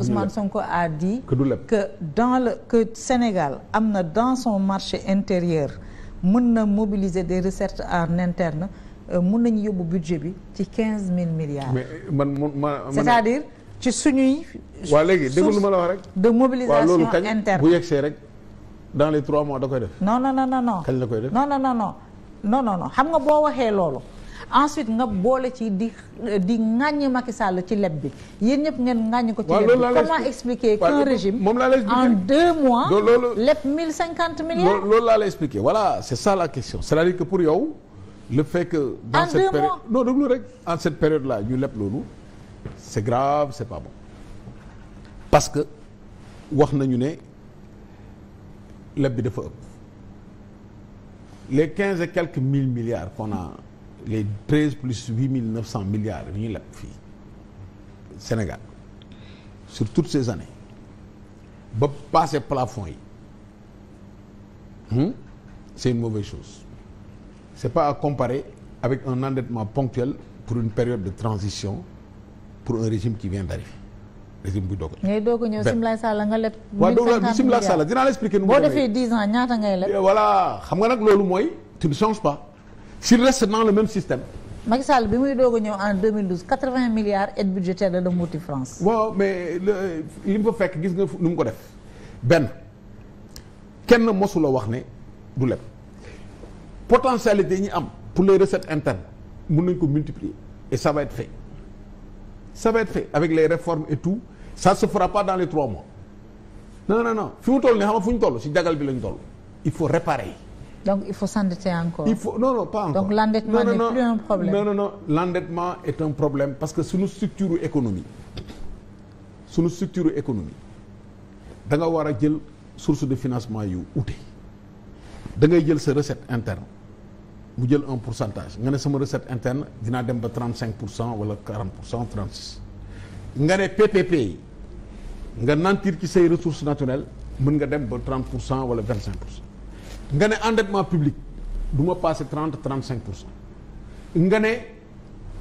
Ousmane mmh. Sonko a dit que, que dans le que Sénégal am na dans son marché intérieur mën na mobiliser des recettes en interne euh, mën nañu yóbbu budget bi ci quinze mille milliards. mais euh, man ma c'est-à-dire ci suñuy. waaw léegi déglu lu ma la wax rek. de mobilisation interne bu yegsee rek dans les trois mois da koy def. non non non non non. kañ la koy def non non non non non non xam nga boo waxee loolu. ensuite nga boole ci di di ŋàññi Macky Sall ci leb bi yéen ñëpp ngeen ŋàññi ko ci leb bi comment expliquer qu'un régime en deux mois leb mille cinquante milliards loolu laa la expliqué voilà c'est ça la question cest à pour yow le fait que dans cette période non rek en cette période là ñu leb loolu c'est grave c'est pas bon parce que wax nañu ne leb bi dafa ëpp les quinze et quelques mille milliards qu'on les treize plus huit mille neuf cent milliards yu ñuy leb fii Sénégal sur toutes ces années ba passé plafond yi hmm? c'est une mauvaise chose c'est pas à comparer avec un endettement ponctuel pour une période de transition pour un régime qui vient d'arriver régime bu doog a. ngay doog a ñëw Simla Sall nga leb. waaw donc Simla Sall dinaa la expliquer. nu mu boo defee dix ans ñaata ngay leb. voilà xam nga nag loolu mooy tu ne changes pas. s'il reste dans le même système. Macky Sall bi muy doog a ñëw en 2012 80 milliards aide budgétaire la dem wuti France. waaw mais li mu fa fekk gis nga nu mu ko def benn kenn mosu wax ne du leb potentialité yi ñu am pour les recettes internes mun nañ ko multiplier et ça va être fait ça fait avec les réformes et tout ça se fera pas dans les trois mois non non non fi mu toll nii xam nga fu ñu toll si jagal bi lañu toll il faut réparer. donc il faut s'endetter encore. il faut non non pas encore donc l'endettement n'est plus un problème. non non non l'endettement est un problème parce que suñu structure économie suñu structure économie da nga war a jël source de financement yu ute da ngay jël sa recette interne mu jël pour pourcentage nga ne sama recette interne dinaa dem ba trente cinq pour cent wala quarante pour cent trente six nga ne PPP yi nga nantir ci say ressources naturelles mën nga dem ba trente pour cent wala vingt cinq nga ne endettement public du ma passé trente trente cinq pour nga ne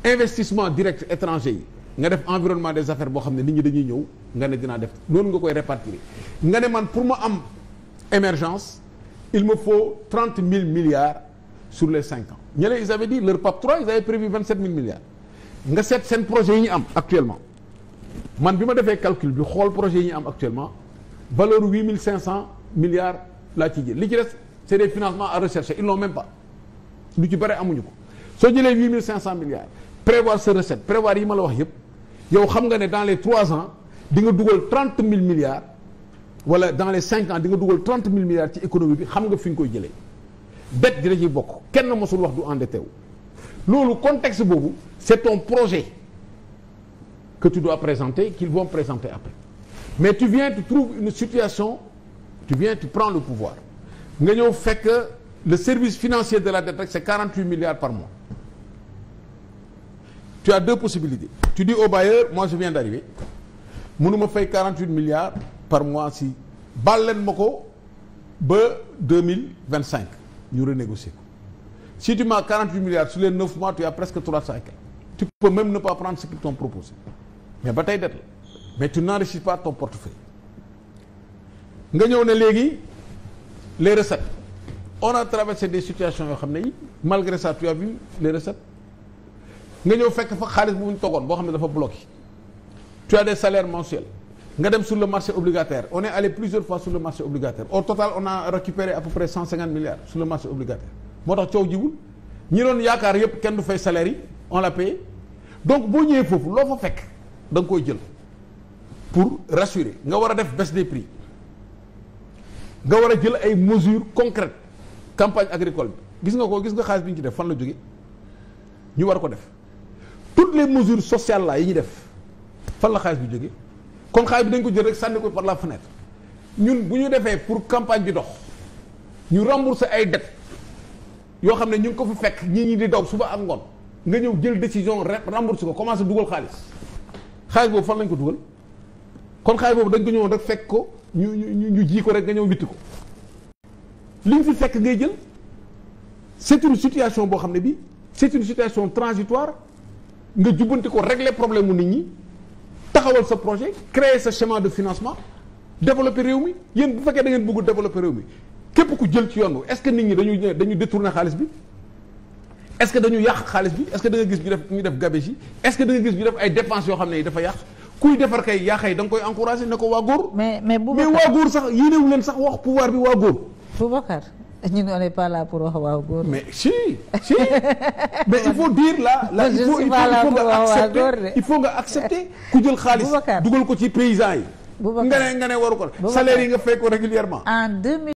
investissement direct étranger yi nga def environnement des affaires boo xam ne nit ñi dañuy ñëw nga ne dinaa def noonu nga koy répartir nga ne man pour ma am émergence il me faut trente mille milliards sur les cinq ans ñeneen ils avaient dit leur PAP 3 ils avaient milliards nga seet seen projet yi ñu am actuellement man bi ma defee calcul bi xool projet yi ñu am actuellement valeur huit mille cinq cent milliards laa ci jël li ci des c'est des financements à rechercher ils l'ont même pas lu ci bare amuñu ko soo jëlee huit mille cinq cent milliards prévoir sa recette yi ma la wax yëpp yow xam nga ne dans les trois ans di nga dugal trente mille milliards wala dans les cinq ans di nga dugal trente mille milliards ci économie bi xam nga fi nga koy jëlee bett dina ci bokk kenn mosul wax du endetté wu loolu contexte boobu c'est ton projet que tu dois présenter qu'ils vont présenter après mais tu viens tu trouves une situation tu viens le pouvoir nga ñëw fekk le service financier de la dette rek c'est 48 milliards par mois tu possibilité deux possibilités tu dis au bailleur moi je viens d'arriver mënuma fay 48 milliards par mois si baal leen ma ko ba 2025 ñu renégocier ko si tu mets 48 milliards sur les 9 mois tu as presque 300 et quelques tu peux même ne pas prendre ce qu'ils t'ont proposé mais ba tey dette la mais tu n'enrichis pas ton portefeuille nga ñëw ne léegi les recettes on a traversé de situations yoo xam ne yi malgré ça tu as le les nga ñëw fekk fa xaalis bu ñu togoon boo xam ne dafa bloqué tu as des salaires mensuels nga dem sur le marché obligataire on est allé plusieurs fois sur le marché obligataire au total on a récupéré à près cent cinquante milliards sur le marché obligataire moo tax coow jiwul ñi doon yaakaar yépp kenn du fay salaire yi on l'a payé donc boo ñëwee foofu loo fa fekk da nga koy jël pour rassurer nga war a def baisse des prix nga war a jël ay mesures concrètes campagne agricole bi gis nga ko gis nga xaalis bi ñu ci def fan la jóge ñu war ko def toutes les mesures sociales là yi ñu def fan la xaalis bi jóge kon xaalis bi dañ ko jël rek sànni ko par la fenêtre ñun bu ñu defee pour campagne bi dox ñu rembourser ay dettes yoo xam ne ñu ko fi fekk ñii ñi di daw suba ak ngoon nga ñëw jël décision rek si ko commencé dugal xaalis xaalis boobu fan lañ ko dugal kon xaalis boobu dañ ko ñëwoon rek fekk ko. ñu ñu ñu ji ko rek nga ñëw witti ko li ñu fi fekk ngay jël c'est une situation boo xam ne bi c'est une situation transitoire nga jubbanti ko régler problème mu nit ñi taxawal sa projet créer sa schéma de financement développer réew mi yéen bu fekkee da ngeen bëgg développer réew mi képp ku jël ci yoon est-ce que nit ñi dañuy dañuy détourner xaalis bi est que dañu yàq xaalis bi est-ce que da nga gis ñu def ñu def gabegie yi est-ce que da gis ñu def ay dépenses yoo xam ne yi dafa yàq kuy defar kay yaa xëy da nga koy encouragé ne ko waa góor. mais mais waa góor sax yéenewu sax wax pouvoir bi waa góor. Boubacar ñun on est pas là pour wax waa góor. mais si si mais il faut dire là. là il faut il nga accepter ku jël xaalis. dugal ko ci paysans yi. nga ne nga ne waru ko salaire yi nga fay régulièrement en